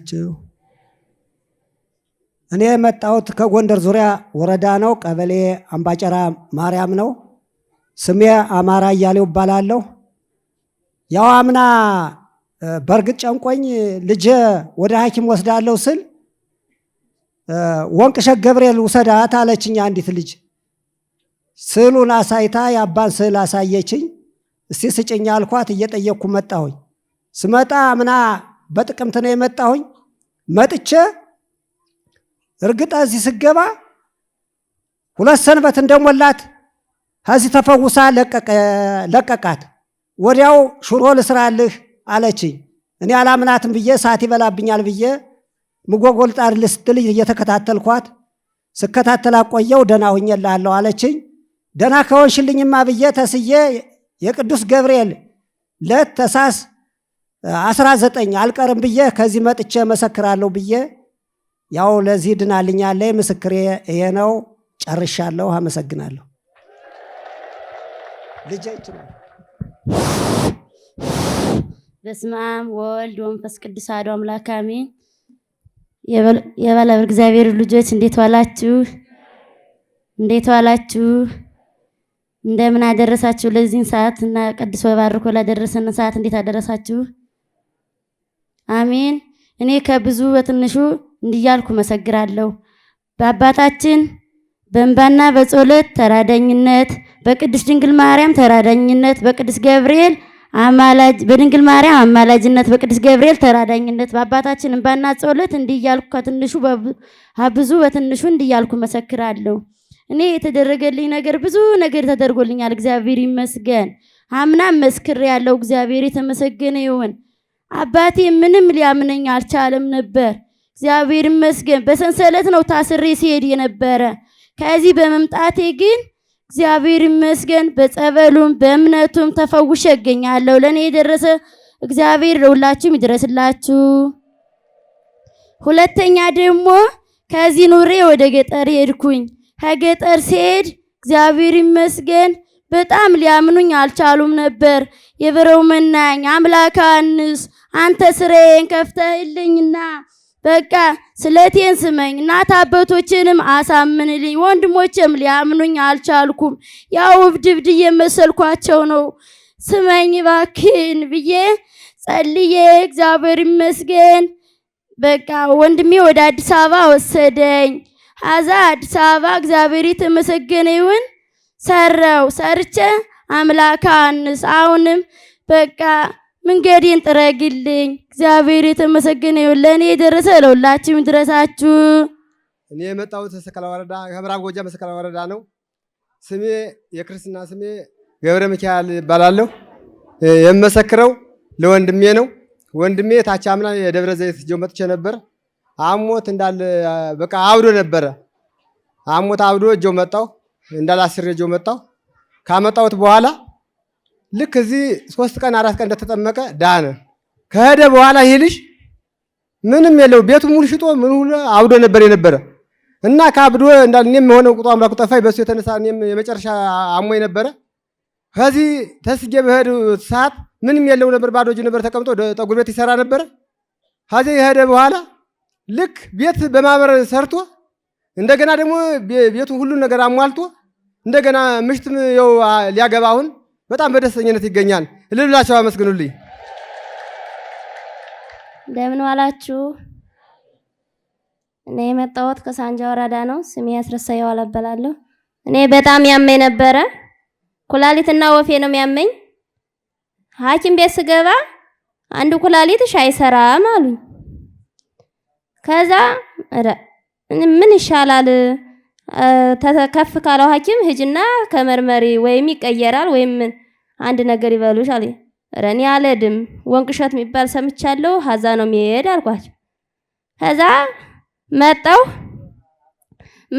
ናችሁ? እኔ የመጣሁት ከጎንደር ዙሪያ ወረዳ ነው። ቀበሌ አምባጨራ ማርያም ነው። ስሜ አማራ እያሌው እባላለሁ። ያው አምና በእርግጥ ጨንቆኝ ልጄ ወደ ሐኪም ወስዳለሁ ስል ወንቅሸት ገብርኤል ውሰዳት አለችኝ አንዲት ልጅ። ስዕሉን አሳይታ የአባን ስዕል አሳየችኝ። እስቲ ስጭኝ አልኳት። እየጠየቅኩ መጣሁኝ። ስመጣ አምና በጥቅምት ነው የመጣሁኝ። መጥቼ እርግጥ እዚህ ስገባ ሁለት ሰንበት እንደሞላት ከዚህ ተፈውሳ ለቀቃት። ወዲያው ሽሮ ልስራልህ አለችኝ። እኔ አላምናትም ብዬ እሳት ይበላብኛል ብዬ ምጎጎልጣር ልስትል እየተከታተልኳት ስከታተል አቆየው። ደና ሁኜልሃለሁ አለችኝ። ደና ከሆንሽልኝማ ብዬ ተስዬ የቅዱስ ገብርኤል ለት ተሳስ አስራ ዘጠኝ አልቀርም ብዬ ከዚህ መጥቼ መሰክራለሁ ብዬ ያው ለዚህ ድናልኛለ ምስክሬ ይሄ ነው። ጨርሻለሁ። አመሰግናለሁ። ልጄ በስመ አብ ወወልድ ወመንፈስ ቅዱስ አሐዱ አምላክ አሜን። እግዚአብሔር ልጆች እንዴት ዋላችሁ? እንዴት ዋላችሁ? እንደምን አደረሳችሁ? ለዚህን ሰዓት እና ቅዱስ ወባርኮ ላደረሰን ሰዓት እንዴት አደረሳችሁ? አሜን። እኔ ከብዙ በትንሹ እንዲያልኩ መሰግራለሁ። በአባታችን በእንባና በጸሎት ተራዳኝነት፣ በቅድስት ድንግል ማርያም ተራዳኝነት፣ በቅዱስ ገብርኤል አማላጅ በድንግል ማርያም አማላጅነት፣ በቅዱስ ገብርኤል ተራዳኝነት፣ በአባታችን እንባና ጸሎት እንዲያልኩ ከትንሹ ብዙ በትንሹ እንዲያልኩ መሰክራለሁ። እኔ የተደረገልኝ ነገር ብዙ ነገር ተደርጎልኛል። እግዚአብሔር ይመስገን። አምናም ያለው እግዚአብሔር የተመሰገነ ይሁን። አባቴ ምንም ሊያምነኝ አልቻለም ነበር። እግዚአብሔር ይመስገን በሰንሰለት ነው ታስሬ ሲሄድ የነበረ። ከዚህ በመምጣቴ ግን እግዚአብሔር ይመስገን በጸበሉም በእምነቱም ተፈውሼ እገኛለሁ። ለእኔ የደረሰ እግዚአብሔር ለሁላችሁም ይድረስላችሁ። ሁለተኛ ደግሞ ከዚህ ኑሬ ወደ ገጠር ሄድኩኝ። ከገጠር ሲሄድ እግዚአብሔር ይመስገን በጣም ሊያምኑኝ አልቻሉም ነበር። የበረው መናኝ አምላክ አንተ ስራዬን ከፍተህልኝና በቃ ስለቴን ስመኝ እናት አባቶችንም አሳምንልኝ። ወንድሞችም ሊያምኑኝ አልቻልኩም። ያው እብድ እብድ እየመሰልኳቸው ነው። ስመኝ እባክህን ብዬ ጸልዬ እግዚአብሔር ይመስገን በቃ ወንድሜ ወደ አዲስ አበባ ወሰደኝ። አዛ አዲስ አበባ እግዚአብሔር የተመሰገነ ይሁን። ሰራው ሰርቼ አምላክ አንስ አሁንም በቃ መንገዴን ጥረግልኝ። እግዚአብሔር የተመሰገነ ይሁን። ለእኔ የደረሰ ለሁላችሁም ድረሳችሁ። እኔ የመጣሁት ሰከላ ወረዳ ከምዕራብ ጎጃም ሰከላ ወረዳ ነው። ስሜ የክርስትና ስሜ ገብረ ሚካኤል ይባላለሁ። የምመሰክረው ለወንድሜ ነው። ወንድሜ ታች አምና የደብረ ዘይት ሄጄ መጥቼ ነበር። አሞት እንዳለ በቃ አብዶ ነበረ። አሞት አብዶ ሄጄ መጣሁ። እንዳላስረጀው መጣው ካመጣውት በኋላ ልክ እዚህ ሶስት ቀን አራት ቀን እንደተጠመቀ ዳነ። ከሄደ በኋላ ይህ ልጅ ምንም የለው ቤቱ ሙሉ ሽጦ ምን ሁሉ አብዶ ነበር የነበረ እና ካብዶ እንዳል እኔም የሆነ ቁጣ አምላኩ ጠፋኝ። በሱ የተነሳ እኔም የመጨረሻ አሞኝ ነበረ። ከዚህ ተስጌ በሄዱ ሰዓት ምንም የለው ነበር፣ ባዶ እጁ ነበር ተቀምጦ ጠጉር ቤት ይሰራ ነበረ። ከዚህ የሄደ በኋላ ልክ ቤት በማህበር ሰርቶ እንደገና ደግሞ ቤቱ ሁሉን ነገር አሟልቶ እንደገና ምሽትም ው ሊያገባ አሁን በጣም በደስተኝነት ይገኛል። ልብላቸው አመስግኑልኝ። እንደምን ዋላችሁ። እኔ የመጣሁት ከሳንጃ ወረዳ ነው። ስሜ ያስረሳ አላበላለሁ። እኔ በጣም ያመኝ ነበረ። ኩላሊትና ወፌ ነው ያመኝ። ሐኪም ቤት ስገባ አንድ ኩላሊትሽ አይሰራም አሉኝ። ከዛ ምን ይሻላል ከፍ ካለው ሐኪም ህጅና ከመርመሪ ወይም ይቀየራል ወይም አንድ ነገር ይበሉሽ አለ። ረኒ አለድም አልሄድም ወንቅ የሚባል ሰምቻለሁ ሀዛ ነው የሚሄድ አልኳቸው። ከዛ መጣው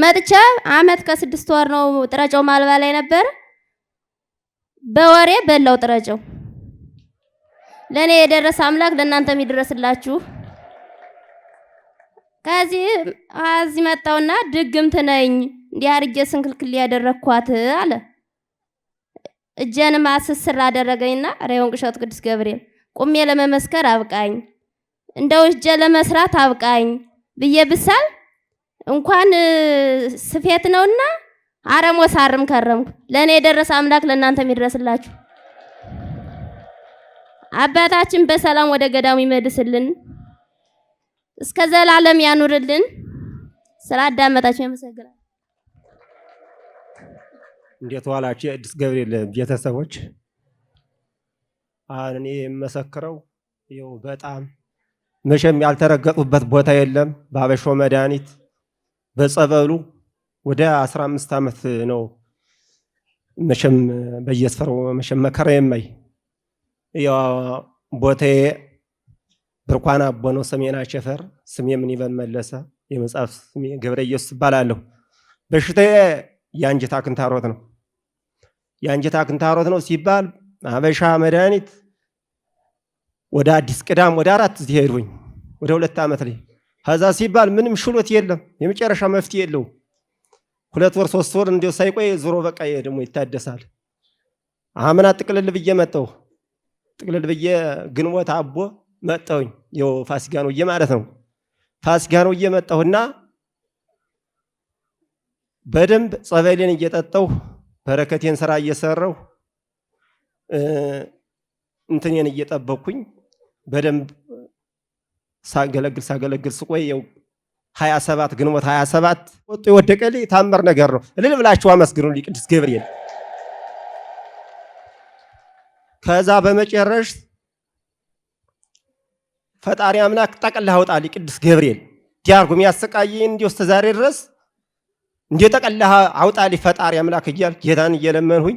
መጥቻ አመት ከስድስት ወር ነው ጥረጨው ማልባ ላይ ነበር። በወሬ በላው ጥረጨው። ለእኔ የደረሰ አምላክ ለእናንተም ይድረስላችሁ። ከዚህ እዚህ መጣውና ድግምት ነኝ እንዲያርጀ ስንክልክል ያደረግኳት አለ። እጀንም አስስር አደረገኝና ሬውን ቅሸት ቅዱስ ገብርኤል ቁሜ ለመመስከር አብቃኝ፣ እንደው እጀ ለመስራት አብቃኝ ብዬ ብሳል እንኳን ስፌት ነውና አረሞ ሳርም ከረምኩ። ለእኔ የደረሰ አምላክ ለእናንተ የሚደርስላችሁ አባታችን በሰላም ወደ ገዳሙ ይመልስልን። እስከ ዘላለም ያኑርልን። ስራ ያመሰግናል። እንዴት ዋላችሁ የቅዱስ ገብርኤል ቤተሰቦች? አሁን እኔ የምመሰክረው ይኸው በጣም መቼም ያልተረገጡበት ቦታ የለም። በአበሻው መድኃኒት በጸበሉ ወደ 15 ዓመት ነው መቼም በየስፈሩ መቼም መከራ የማይ ያው ቦታዬ እርኳን አቦ ነው ሰሜን አቸፈር ስሜ ምን ይበል መለሰ የመጽሐፍ ስሜ ገብረ ኢየሱስ እባላለሁ። በሽታዬ የአንጀት አክንታሮት ነው። የአንጀት አክንታሮት ነው ሲባል አበሻ መድኃኒት ወደ አዲስ ቅዳም ወደ አራት እዚህ ሄድሁኝ ወደ ሁለት ዓመት ላይ ከዛ ሲባል ምንም ሽሎት የለም የመጨረሻ መፍትሄ የለው ሁለት ወር ሶስት ወር እንዲ ሳይቆይ ዞሮ በቃ ደግሞ ይታደሳል። አምና ጥቅልል ብዬ መጠው ጥቅልል ብዬ ግንቦት አቦ መጣሁኝ ያው ፋሲካ ነው ማለት ነው። ፋሲካ ነው መጣሁና በደንብ ጸበሌን እየጠጣሁ በረከቴን ስራ እየሰራሁ እንትኔን እየጠበኩኝ በደንብ ሳገለግል ሳገለግል ስቆይ ያው 27 ግንቦት 27 ወጡ የወደቀልኝ ታመር ነገር ነው። እልል ብላችሁ አመስግኑልኝ ቅዱስ ገብርኤል። ከዛ በመጨረሽ ፈጣሪ አምላክ ጠቅልህ አውጣልኝ ቅዱስ ገብርኤል ዲያርጉ የሚያሰቃየኝ እንዲሁ እስከ ዛሬ ድረስ እንዲሁ ጠቅልህ አውጣሊ ፈጣሪ አምላክ እያል ጌታን እየለመንሁኝ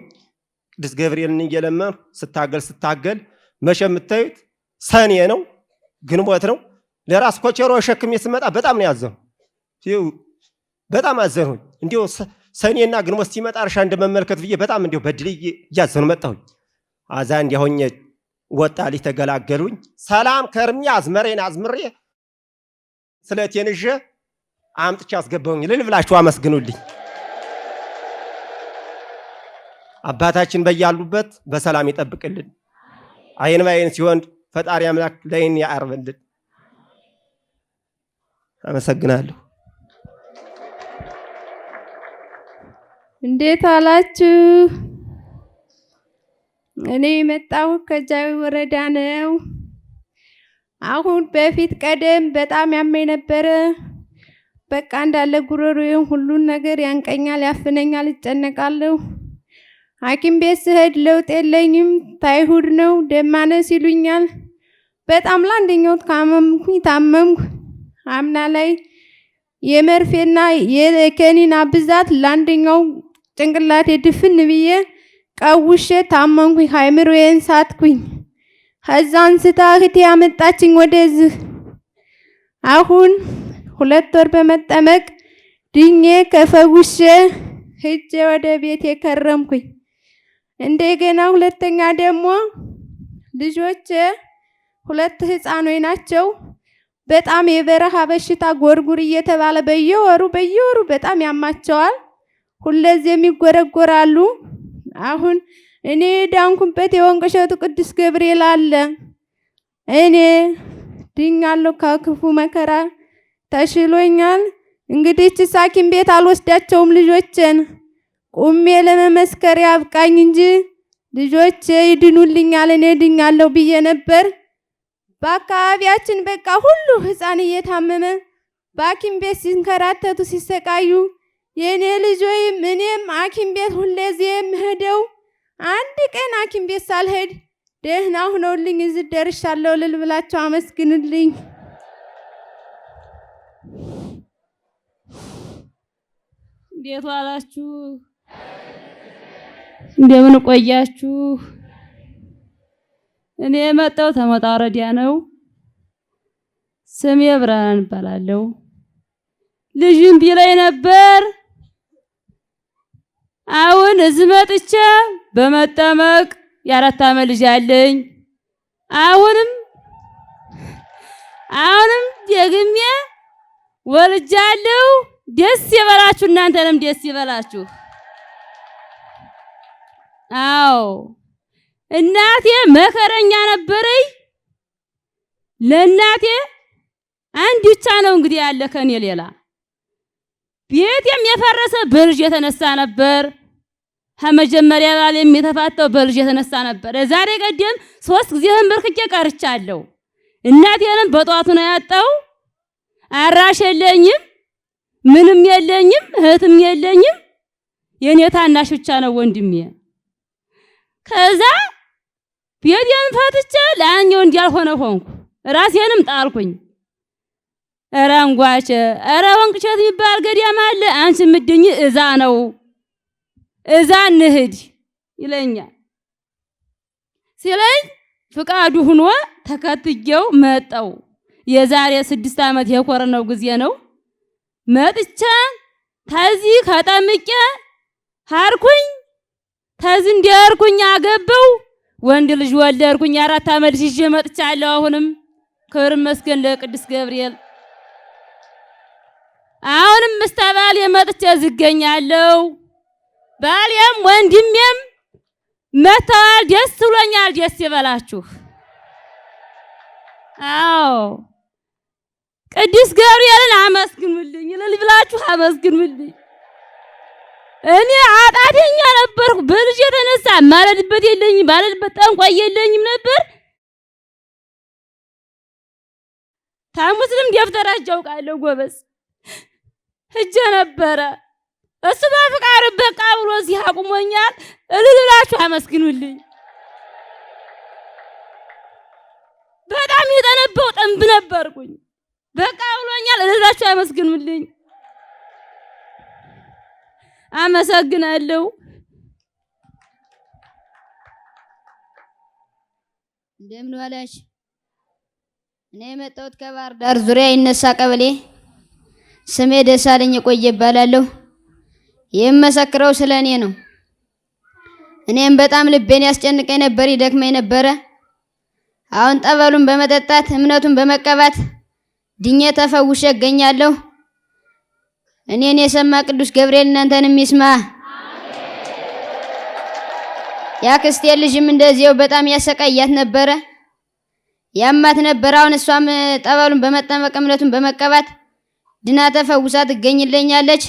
ቅዱስ ገብርኤልን እየለመን ስታገል ስታገል መቼ የምታዩት ሰኔ ነው፣ ግንቦት ነው። ለራስ ኮቸሮ ሸክሜ ስመጣ በጣም ነው ያዘኑ፣ በጣም አዘንሁኝ። እንዲሁ ሰኔና ግንቦት ሲመጣ እርሻ እንደመመልከት ብዬ በጣም እንዲሁ በድል እያዘኑ መጣሁኝ አዛ እንዲያሆኘ ወጣ ሊተገላገሉኝ ሰላም ከርሜ አዝመሬን አዝምሬ ስለቴን ይዤ አምጥቼ አስገባሁኝ። ልል ብላችሁ አመስግኑልኝ። አባታችን በያሉበት በሰላም ይጠብቅልን። አይን ባይን ሲሆን ፈጣሪ አምላክ ለይን ያቀርብልን። አመሰግናለሁ። እንዴት አላችሁ? እኔ የመጣው ከጃዊ ወረዳ ነው። አሁን በፊት ቀደም በጣም ያመኝ ነበረ። በቃ እንዳለ ጉሮሮዬን ሁሉን ነገር ያንቀኛል፣ ያፍነኛል፣ ይጨነቃለሁ። ሐኪም ቤት ስሄድ ለውጥ የለኝም። ታይሁድ ነው ደማነስ ይሉኛል። በጣም ለአንደኛው ካመምኩ ታመምኩ። አምና ላይ የመርፌና የከኒና ብዛት ለአንደኛው ጭንቅላቴ ድፍን ብዬ ቀውሼ ታመንኩኝ፣ ሀይምሮዬን ሳትኩኝ። ከዛ አንስታ እህቴ ያመጣችኝ ወደዚህ አሁን ሁለት ወር በመጠመቅ ድኜ ከፈውሼ ሂጄ ወደ ቤት የከረምኩኝ። እንደገና ሁለተኛ ደግሞ ልጆቼ ሁለት ህፃኖች ናቸው። በጣም የበረሃ በሽታ ጎርጉር እየተባለ በየወሩ በየወሩ በጣም ያማቸዋል። ሁለዚህ የሚጎረጎራሉ። አሁን እኔ ዳንኩበት የወንቅ እሸቱ ቅዱስ ገብርኤል አለ። እኔ ድኛለሁ፣ ከክፉ መከራ ተሽሎኛል። እንግዲህ ሐኪም ቤት አልወስዳቸውም ልጆችን ቁሜ ለመመስከር ያብቃኝ እንጂ ልጆቼ ይድኑልኛል፣ እኔ ድኛለሁ ብዬ ነበር። በአካባቢያችን በቃ ሁሉ ህፃን እየታመመ በሐኪም ቤት ሲንከራተቱ ሲሰቃዩ የእኔ ልጅ ወይም እኔም ሐኪም ቤት ሁሌዜ የምሄደው አንድ ቀን ሐኪም ቤት ሳልሄድ ደህና ሁነውልኝ እዚህ ደርሻለሁ ልል ብላቸው አመስግንልኝ። እንዴት ዋላችሁ? እንደምን ቆያችሁ? እኔ የመጣው ተመጣ ነው። ስሜ ብርሃን እባላለሁ። ልጅም ቢላይ ነበር አሁን እዚህ መጥቼ በመጠመቅ የአራት ዓመት ልጅ አለኝ። አሁንም አሁንም ደግሜ ወልጃለሁ። ደስ ይበላችሁ፣ እናንተንም ደስ ይበላችሁ። አዎ እናቴ መከረኛ ነበረኝ። ለእናቴ አንድ ብቻ ነው እንግዲህ ያለ ከኔ ሌላ ቤት የፈረሰ በልጅ የተነሳ ነበር። ከመጀመሪያ ባሌም የተፋታው በልጅ የተነሳ ነበር። ዛሬ ቀደም ሶስት ጊዜ ተንበርክኬ ቀርቻለሁ። እናቴንም በጧቱ ነው ያጣው። አራሽ የለኝም፣ ምንም የለኝም፣ እህትም የለኝም። የኔ ታናሽ ብቻ ነው ወንድሜ። ከዛ ቤቴን ፈትቼ ለአኛው እንዲያልሆነ ሆንኩ። ራሴንም ጣልኩኝ። ኧረ አንጓቼ፣ ኧረ ወንቅሸት የሚባል ገዳም አለ። አንቺ የምትድኚ እዛ ነው እዛ እንሂድ ይለኛል። ሲለኝ ፍቃዱ ሁኖ ተከትጌው መጣው። የዛሬ ስድስት ዓመት የኮረናው ጊዜ ነው። መጥቻ ተዚህ ከጠምቄ ሀርኩኝ ተዚህ እንዲያርኩኝ አገበው ወንድ ልጅ ወለድኩኝ። አራት ዓመት ይዤ መጥቻለሁ። አሁንም ክብር ይመስገን ለቅዱስ ገብርኤል። አሁንም ምስተባል የመጥቼ ዝገኛለሁ። ባሌም ወንድሜም መተዋል። ደስ ብሎኛል። ደስ ይበላችሁ። አዎ ቅዱስ ገብርኤልን አመስግኑልኝ እልል ብላችሁ አመስግኑልኝ። እኔ አጣተኛ ነበርኩ። በልጅ የተነሳ ማለድበት የለኝም ማለድበት ጠንቋይ የለኝም ነበር። ታሙስልም ደብተራጅ አውቃለሁ ጎበዝ እጀ ነበረ እሱ በፍቃድ በቃ ብሎ እዚህ አቁሞኛል። እልልላችሁ አመስግኑልኝ። በጣም የጠነበው ጠንብ ነበርኩኝ። በቃ ብሎኛል። እልልላችሁ አመስግኑልኝ። አመሰግናለሁ። እንደምን ዋለች። እኔ የመጣሁት ከባህር ዳር ዙሪያ ይነሳ ቀበሌ ስሜ ደሳለኝ ቆየ እባላለሁ። የምመሰክረው ስለ እኔ ነው። እኔም በጣም ልቤን ያስጨንቀኝ ነበር፣ ይደክመኝ ነበረ። አሁን ጠበሉን በመጠጣት እምነቱን በመቀባት ድኜ ተፈውሼ እገኛለሁ። እኔን የሰማ ቅዱስ ገብርኤል እናንተንም ይስማ። ያክስቴ ልጅም እንደዚያው በጣም ያሰቃያት ነበረ፣ ያማት ነበር አሁን እሷም ጠበሉን በመጠመቅ እምነቱን በመቀባት ድና ተፈውሳ ትገኝለኛለች።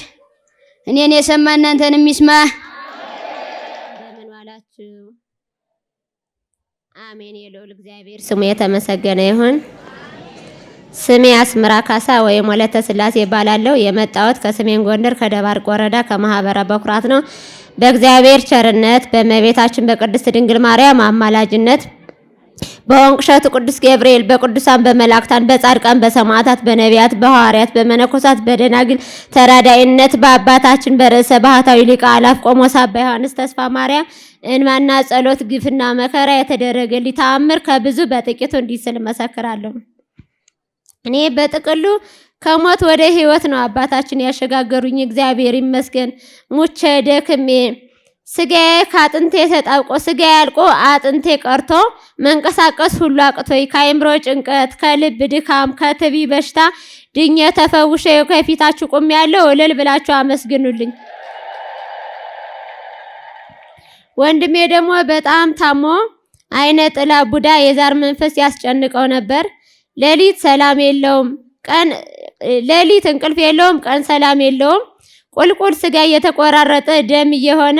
እኔን የሰማ እናንተን የሚስማ በምን ዋላችሁ? አሜን። የልዑል እግዚአብሔር ስሙ የተመሰገነ ይሁን። ስሜ አስምራ ካሳ ወይም ወለተ ስላሴ እባላለሁ። የመጣሁት ከሰሜን ጎንደር ከደባርቅ ወረዳ ከማህበረ በኩራት ነው። በእግዚአብሔር ቸርነት በእመቤታችን በቅድስት ድንግል ማርያም አማላጅነት በወንቅሸቱ ቅዱስ ገብርኤል፣ በቅዱሳን በመላእክታን፣ በጻድቃን፣ በሰማዕታት፣ በነቢያት፣ በሐዋርያት፣ በመነኮሳት፣ በደናግል ተራዳይነት በአባታችን በርዕሰ ባህታዊ ሊቀ አእላፍ ቆሞስ አባ ዮሐንስ ተስፋ ማርያም እንማና ጸሎት፣ ግፍና መከራ የተደረገልኝ ተአምር ከብዙ በጥቂቱ እንዲህ ስል እመሰክራለሁ። እኔ በጥቅሉ ከሞት ወደ ህይወት ነው አባታችን ያሸጋገሩኝ። እግዚአብሔር ይመስገን ሙቼ ደክሜ ስጋዬ ከአጥንቴ ተጣብቆ ስጋ አልቆ አጥንቴ ቀርቶ መንቀሳቀስ ሁሉ አቅቶኝ ከአይምሮ ጭንቀት፣ ከልብ ድካም፣ ከትቢ በሽታ ድኜ ተፈውሼ ከፊታችሁ ቁም ያለው እልል ብላችሁ አመስግኑልኝ። ወንድሜ ደግሞ በጣም ታሞ አይነ ጥላ ቡዳ የዛር መንፈስ ያስጨንቀው ነበር። ሌሊት ሰላም የለውም ቀን ሌሊት እንቅልፍ የለውም ቀን ሰላም የለውም። ቁልቁል ስጋ እየተቆራረጠ ደም እየሆነ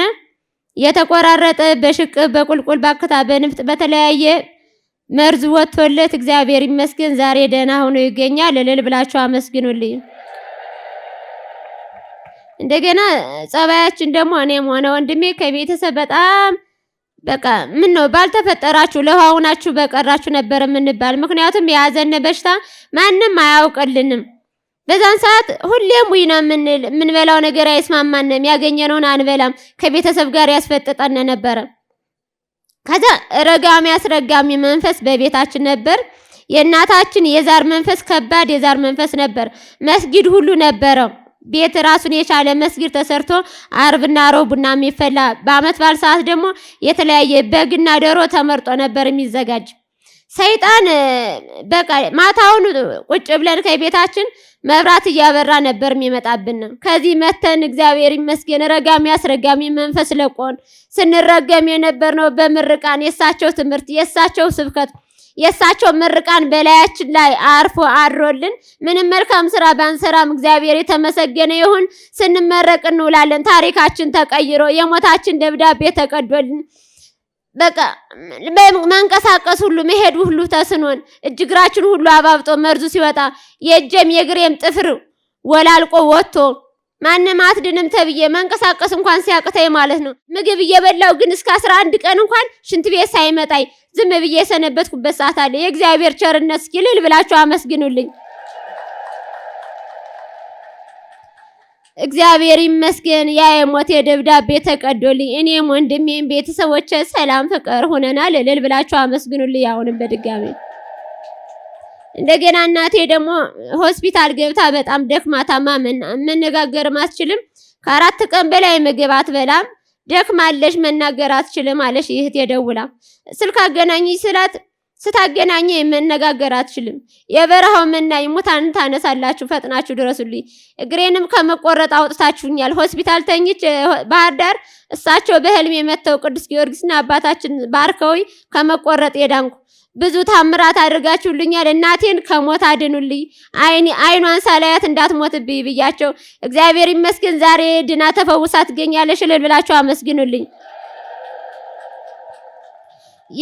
የተቆራረጠ በሽቅብ በቁልቁል ባክታ በንፍጥ በተለያየ መርዝ ወጥቶለት እግዚአብሔር ይመስገን ዛሬ ደህና ሆኖ ይገኛል። እልል ብላችሁ አመስግኑልኝ። እንደገና ጸባያችን ደግሞ እኔም ሆነ ወንድሜ ከቤተሰብ በጣም በቃ ምን ነው ባልተፈጠራችሁ ለውሃ በቀራችሁ ነበር የምንባል። ምክንያቱም የያዘነ በሽታ ማንም አያውቅልንም። በዛን ሰዓት ሁሌም ዊና የምንል የምንበላው ነገር አይስማማንም፣ ያገኘነውን አንበላም፣ ከቤተሰብ ጋር ያስፈጥጠን ነበረ። ከዛ ረጋሚ አስረጋሚ መንፈስ በቤታችን ነበር። የእናታችን የዛር መንፈስ ከባድ የዛር መንፈስ ነበር። መስጊድ ሁሉ ነበረው። ቤት ራሱን የቻለ መስጊድ ተሰርቶ አርብና ሮብ ቡና የሚፈላ በአመት ባል ሰዓት ደግሞ የተለያየ በግና ደሮ ተመርጦ ነበር የሚዘጋጅ። ሰይጣን በቃ ማታውን ቁጭ ብለን ከቤታችን መብራት እያበራ ነበር የሚመጣብን። ከዚህ መተን እግዚአብሔር ይመስገን ረጋሚ አስረጋሚ መንፈስ ለቆን ስንረገም የነበር ነው በምርቃን የእሳቸው ትምህርት፣ የእሳቸው ስብከት፣ የእሳቸው ምርቃን በላያችን ላይ አርፎ አድሮልን ምንም መልካም ስራ ባንሰራም እግዚአብሔር የተመሰገነ ይሁን ስንመረቅ እንውላለን። ታሪካችን ተቀይሮ የሞታችን ደብዳቤ ተቀዶልን በቃ መንቀሳቀስ ሁሉ መሄድ ሁሉ ተስኖን እጅ እግራችን ሁሉ አባብጦ መርዙ ሲወጣ የእጄም የግሬም ጥፍር ወላልቆ ወጥቶ ማንም አትድንም ተብዬ መንቀሳቀስ እንኳን ሲያቅተኝ ማለት ነው። ምግብ እየበላው ግን እስከ አስራ አንድ ቀን እንኳን ሽንት ቤት ሳይመጣኝ ዝም ብዬ የሰነበትኩበት ሰዓት አለ። የእግዚአብሔር ቸርነት እስኪ ልል ብላችሁ አመስግኑልኝ። እግዚአብሔር ይመስገን ያ የሞቴ ደብዳቤ ተቀዶልኝ እኔም ወንድሜም ቤተሰቦቼ ሰላም ፍቅር ሆነናል እልል ብላችሁ አመስግኑልኝ። አሁንም በድጋሚ እንደገና እናቴ ደግሞ ሆስፒታል ገብታ በጣም ደክማታማ መነጋገር አትችልም። ከአራት ቀን በላይ ምግብ አትበላም። ደክማለሽ መናገር አትችልም አለሽ ይህት የደውላ ስልክ አገናኝ ስላት ስታገናኘ መነጋገር አትችልም። የበረሃው መናኝ ሙታን ታነሳላችሁ፣ ፈጥናችሁ ድረሱልኝ። እግሬንም ከመቆረጥ አውጥታችሁኛል። ሆስፒታል ተኝች ባህር ዳር እሳቸው በህልሜ የመተው ቅዱስ ጊዮርጊስና አባታችን ባርከዊ ከመቆረጥ የዳንኩ ብዙ ታምራት አድርጋችሁልኛል። እናቴን ከሞት አድኑልኝ፣ አይኒ አይኗን ሳላያት እንዳትሞትብኝ ብያቸው፣ እግዚአብሔር ይመስገን ዛሬ ድና ተፈውሳ ትገኛለሽ እልል ብላችሁ አመስግኑልኝ።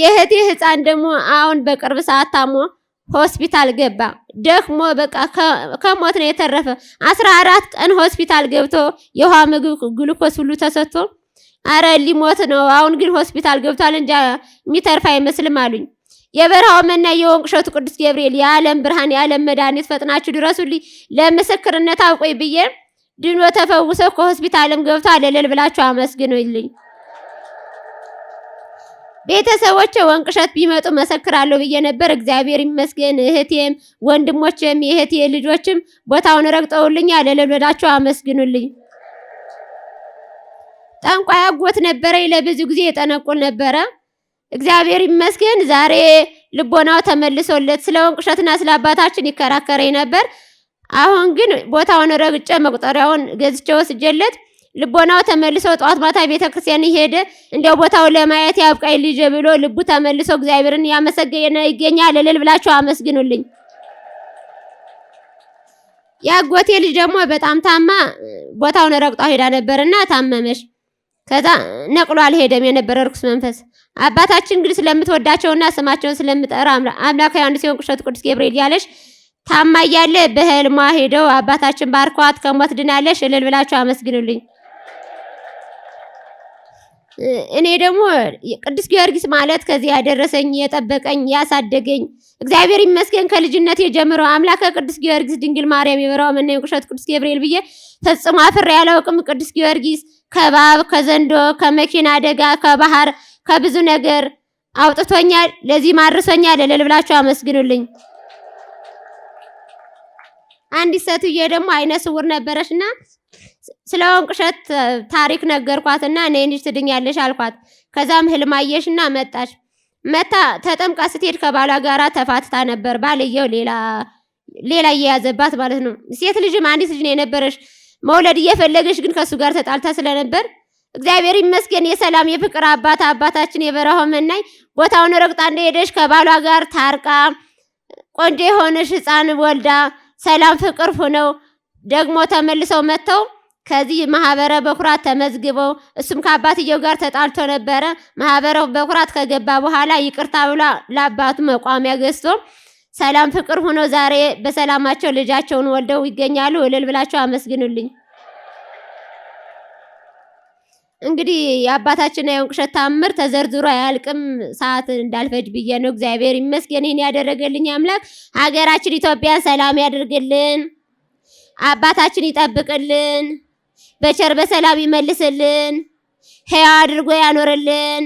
የእህቴ ህፃን ደግሞ አሁን በቅርብ ሰዓት ታሞ ሆስፒታል ገባ። ደክሞ በቃ ከሞት ነው የተረፈ። አስራ አራት ቀን ሆስፒታል ገብቶ የውሃ ምግብ፣ ግሉኮስ ሁሉ ተሰጥቶ አረ ሊሞት ነው አሁን ግን ሆስፒታል ገብቷል እንጂ የሚተርፍ አይመስልም አሉኝ። የበረሃው መና የወንቅ እሸቱ ቅዱስ ገብርኤል የዓለም ብርሃን የዓለም መድኃኒት ፈጥናችሁ ድረሱልኝ ለምስክርነት አውቆኝ ብዬ ድኖ ተፈውሶ ከሆስፒታልም ገብቶ አለለል ብላችሁ አመስግኑልኝ። ቤተሰቦቼ ወንቅሸት ቢመጡ መሰክራለሁ ብዬ ነበር። እግዚአብሔር ይመስገን። እህቴም ወንድሞቼም የእህቴ ልጆችም ቦታውን ረግጠውልኛ ለለወዳቸው አመስግኑልኝ። ጠንቋይ አጎት ነበረ፣ ለብዙ ጊዜ የጠነቁል ነበረ። እግዚአብሔር ይመስገን ዛሬ ልቦናው ተመልሶለት ስለ ወንቅሸትና ስለ አባታችን ይከራከረኝ ነበር። አሁን ግን ቦታውን ረግጬ መቁጠሪያውን ገዝቼ ወስጄለት ልቦናው ተመልሶ ጠዋት ማታ ቤተ ክርስቲያን ይሄደ እንደው ቦታው ለማየት ያብቃይ ልጅ ብሎ ልቡ ተመልሶ እግዚአብሔርን ያመሰገነ ይገኛል። እልል ብላችሁ አመስግኑልኝ። የአጎቴ ልጅ ደግሞ በጣም ታማ ቦታውን ረግጧ ሄዳ ነበርና ታመመች። ከዛ ነቅሎ አልሄደም የነበረ ርኩስ መንፈስ። አባታችን ግን ስለምትወዳቸውና ስማቸውን ስለምጠራ አምላካዊ አንድ ሲሆን ቅዱስ ቅዱስ ገብርኤል ያለሽ ታማ እያለ በህልሟ ሄደው አባታችን ባርኳት ከሞት ድናለሽ። እልል ብላችሁ አመስግኑልኝ። እኔ ደግሞ ቅዱስ ጊዮርጊስ ማለት ከዚህ ያደረሰኝ የጠበቀኝ ያሳደገኝ እግዚአብሔር ይመስገን ከልጅነት የጀምረው አምላከ ቅዱስ ጊዮርጊስ ድንግል ማርያም የበረው መና ቁሸት ቅዱስ ገብርኤል ብዬ ፈጽሞ አፍሬ ያላውቅም። ቅዱስ ጊዮርጊስ ከባብ ከዘንዶ ከመኪና አደጋ ከባህር ከብዙ ነገር አውጥቶኛል። ለዚህ ማድረሶኛል። እልል ብላችሁ አመስግኑልኝ። አንዲት ሴትዬ ደግሞ አይነ ስውር ነበረች ስለ ወንቅ እሸት ታሪክ ነገርኳትና እኔ ልጅ ትድኛለሽ አልኳት። ከዛም ህልም አየሽና መጣች። መታ ተጠምቃ ስትሄድ ከባሏ ጋራ ተፋትታ ነበር። ባልየው ሌላ ሌላ እየያዘባት ማለት ነው። ሴት ልጅም አንዲት ልጅ ነው የነበረች መውለድ እየፈለገች ግን ከሱ ጋር ተጣልታ ስለነበር እግዚአብሔር ይመስገን የሰላም የፍቅር አባት አባታችን የበረሃው መናኝ ቦታውን ረግጣ እንደሄደች ከባሏ ጋር ታርቃ ቆንጆ የሆነች ህፃን ወልዳ ሰላም ፍቅር ሁነው ደግሞ ተመልሰው መጥተው ከዚህ ማህበረ በኩራት ተመዝግበው እሱም ከአባትየው ጋር ተጣልቶ ነበረ። ማህበረ በኩራት ከገባ በኋላ ይቅርታ ብሎ ለአባቱ መቋሚያ ገዝቶ ሰላም ፍቅር ሆኖ ዛሬ በሰላማቸው ልጃቸውን ወልደው ይገኛሉ። እልል ብላቸው አመስግኑልኝ። እንግዲህ የአባታችን የወንቅሸት ታምር ተዘርዝሮ አያልቅም። ሰዓት እንዳልፈጅ ብዬ ነው። እግዚአብሔር ይመስገን ይህን ያደረገልኝ አምላክ። ሀገራችን ኢትዮጵያን ሰላም ያደርግልን፣ አባታችን ይጠብቅልን። በቸር በሰላም ይመልስልን፣ ሕያው አድርጎ ያኖርልን፣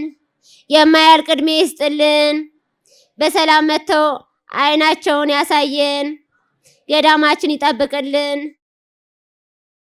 የማያልቅ ዕድሜ ይስጥልን። በሰላም መጥተው አይናቸውን ያሳየን፣ የዳማችን ይጠብቅልን።